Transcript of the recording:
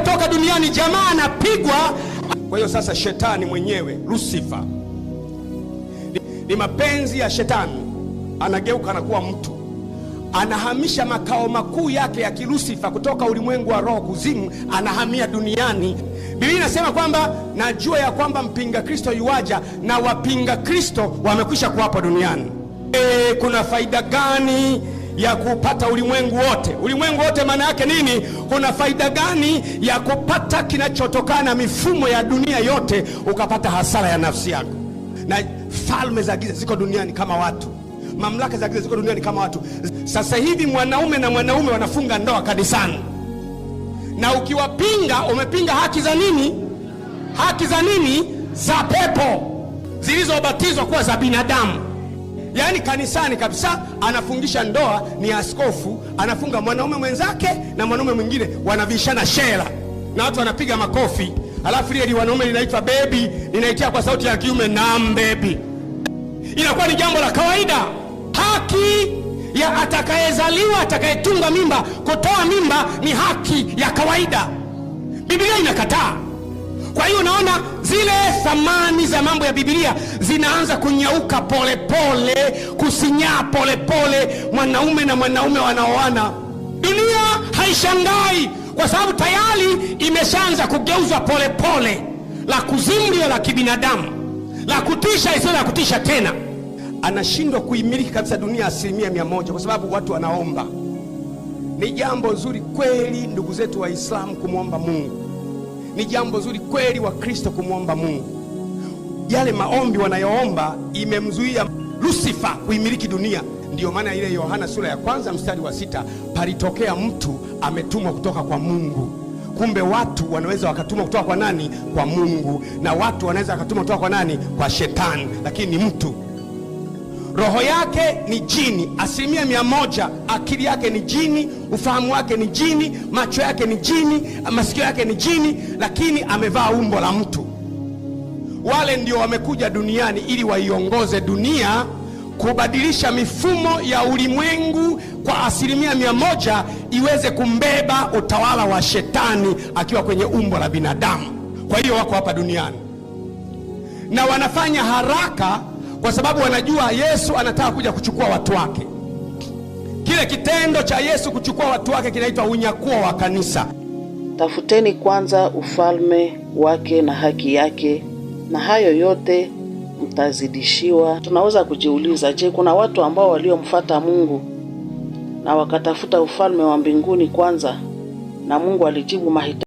ametoka duniani, jamaa anapigwa. Kwa hiyo sasa shetani mwenyewe Lusifa ni mapenzi ya shetani, anageuka na kuwa mtu, anahamisha makao makuu yake ya kilusifa kutoka ulimwengu wa roho kuzimu, anahamia duniani. Biblia inasema kwamba najua ya kwamba mpinga Kristo yuwaja na wapinga Kristo wamekwisha kuwapo duniani. E, kuna faida gani ya kupata ulimwengu wote. Ulimwengu wote maana yake nini? Kuna faida gani ya kupata kinachotokana na mifumo ya dunia yote ukapata hasara ya nafsi yako? Na falme za giza ziko duniani kama watu, mamlaka za giza ziko duniani kama watu. Sasa hivi mwanaume na mwanaume wanafunga ndoa kanisani, na ukiwapinga umepinga haki za nini? Haki za nini? Za pepo zilizobatizwa kuwa za binadamu yaani kanisani kabisa, anafungisha ndoa, ni askofu anafunga mwanaume mwenzake na mwanaume mwingine, wanavishana shela na watu wanapiga makofi, alafu lile wanaume linaitwa bebi, linaitia kwa sauti ya kiume nam bebi. Inakuwa ni jambo la kawaida. Haki ya atakayezaliwa atakayetunga mimba kutoa mimba ni haki ya kawaida. Biblia inakataa kwa hiyo unaona zile thamani za mambo ya bibilia zinaanza kunyauka polepole kusinyaa polepole mwanaume na mwanaume wanaoana dunia haishangai kwa sababu tayari imeshaanza kugeuzwa polepole la kuzimu la kibinadamu la kutisha isiyo la kutisha tena anashindwa kuimiliki kabisa dunia asilimia mia moja kwa sababu watu wanaomba ni jambo nzuri kweli ndugu zetu waislamu kumwomba mungu ni jambo zuri kweli wa Kristo kumwomba Mungu. Yale maombi wanayoomba imemzuia Lusifa kuimiliki dunia. Ndiyo maana ile Yohana sura ya kwanza mstari wa sita palitokea mtu ametumwa kutoka kwa Mungu. Kumbe watu wanaweza wakatumwa kutoka kwa nani? Kwa Mungu. Na watu wanaweza wakatumwa kutoka kwa nani? Kwa Shetani, lakini ni mtu roho yake ni jini asilimia mia moja, akili yake ni jini, ufahamu wake ni jini, macho yake ni jini, masikio yake ni jini, lakini amevaa umbo la mtu. Wale ndio wamekuja duniani ili waiongoze dunia kubadilisha mifumo ya ulimwengu kwa asilimia mia moja iweze kumbeba utawala wa shetani akiwa kwenye umbo la binadamu. Kwa hiyo wako hapa duniani na wanafanya haraka kwa sababu wanajua Yesu anataka kuja kuchukua watu wake. Kile kitendo cha Yesu kuchukua watu wake kinaitwa unyakuo wa kanisa. Tafuteni kwanza ufalme wake na haki yake, na hayo yote mtazidishiwa. Tunaweza kujiuliza, je, kuna watu ambao waliomfuata Mungu na wakatafuta ufalme wa mbinguni kwanza, na Mungu alijibu mahitaji